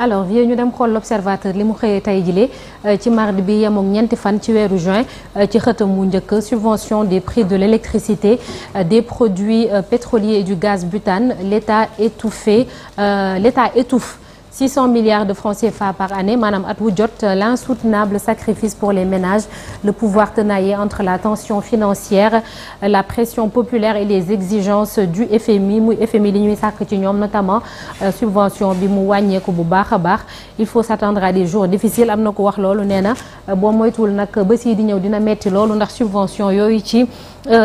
alors yéen ñu dem xool l'observateur li mu xëyee tey jilee euh, ci mardi bi yemook ñeenti fan ci weeru juin euh, ci xëtam mu njëkk subvention des prix de l'électricité euh, des produits pétroliers et du gaz butane l'État étouffé l'État étouffe 600 milliards de francs CFA par année maanaam at wu jot euh, l'insoutenable sacrifice pour les ménages le pouvoir tenaillé entre la tension financière euh, la pression populaire et les exigences du FMI muy FMI li ñuy sàkk ci ñoom notamment euh, subvention bi mu wàññeeku bu baax a baax il faut s'attendre à des jours difficiles am na ko wax loolu nee na boo moytuwul nag ba si di ñëw dina metti loolu ndax subvention yooyu ci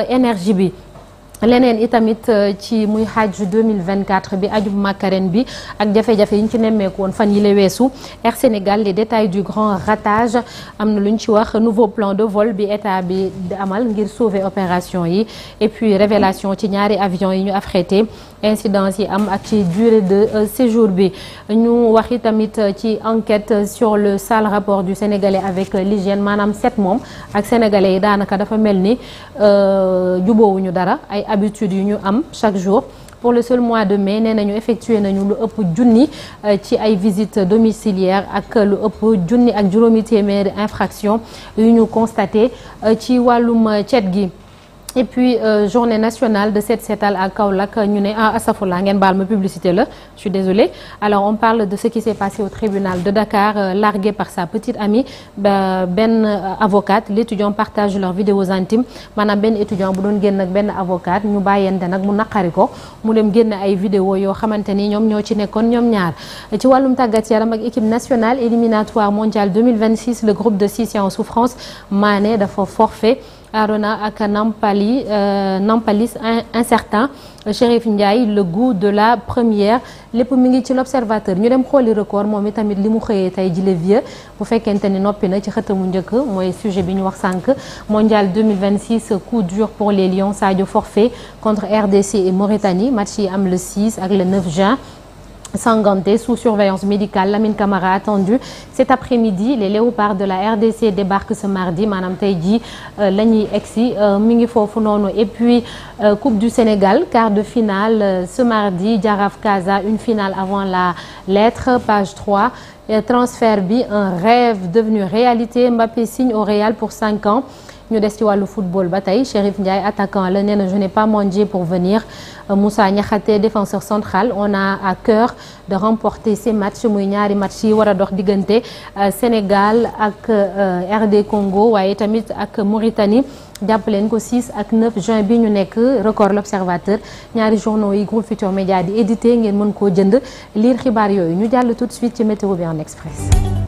énergie bi leneen itamit euh, ci muy xaaju 2024 bi ajub makaren bi ak jafe-jafe yi ñu ci nemmeeku woon fan yi la weesu Air Sénégal les détails du grand ratage am na lu ñu ci wax nouveau plan de vol bi état bi amal ngir sauver opération yi et puis révélation ci ñaari avion yi ñu affrété incidence yi am ak ci durée de euh, séjour bi ñu wax itamit euh, ci enquête sur le sale rapport du sénégalais avec l'hygiène maanaam set moom ak sénégalais yi daanaka dafa mel ni juboowuñu dara habitude yu ñu am chaque jour pour le seul mois de mai nee nañu effectué nañu lu ëpp junni euh, ci ay visites domiciliaires ak lu ëpp junni ak juróomi téeméeri infraction yu ñu constaté euh, ci wàllum euh, cet gi et puis euh, journée nationale de Set Setal à Kaolack euh, ñu ne ah asafula ngeen baal ma publicité la je suis désolée alors on parle de ce qui s'est passé au tribunal de Dakar euh, par sa petite amie benn euh, avocate l'étudiant partage leurs vidéos intimes maanaam benn étudiant bu doon génn ak benn avocate ñu bàyyente nag mu naqari ko mu dem génn ay vidéo yoo xamante ni ñoom ñoo ci nekkoon ñoom ñaar ci wàllum tàggat yaram ak équipe nationale éliminatoire mondiale 2026 le groupe de six en souffrance Mané dafa forfait Arona ak Nampali euh, Nampalis incertain Chérif Ndiaye le goût de la première lépp mi ngi ci l'observateur ñu dem xooli record moom itamit li mu xëyee tey jile vieux bu fekkente ni noppi na ci xëtamu njëkk mooy sujet bi ñu wax sànq mondial 2026 coup dur pour les Lions Sadio forfait contre RDC et Mauritanie match yi am le 6 ak le 9 juin Sanganté sous surveillance médicale Lamine Camara attendu cet après-midi les léopards de la RDC débarquent ce mardi maanaam tey jii euh, la ñuy egsi euh, mi ngi foofu noonu et puis euh, Coupe du Sénégal quart de finale euh, ce mardi Jaraaf Casa une finale avant la lettre page 3 et transfert bi un rêve devenu réalité Mbappé signe au Real pour 5 ans ñu des ci wàllu football ba tey Chérif Ndiaye attaquant la nee na je n'ai pas mangé pour venir euh, Moussa Niakhaté défenseur central on a à cœur de remporter ces matchs muy ñaari match yi war a dox diggante euh, Sénégal ak euh, RD Congo waaye tamit ak Mauritanie jàpp leen ko 6 ak 9 juin bi ñu nekk record l'observateur ñaari journaux yi groupe Futurs Médias di édité ngeen mën koo jënd lire xibaar yooyu ñu jàll tout de suite ci météo bi en express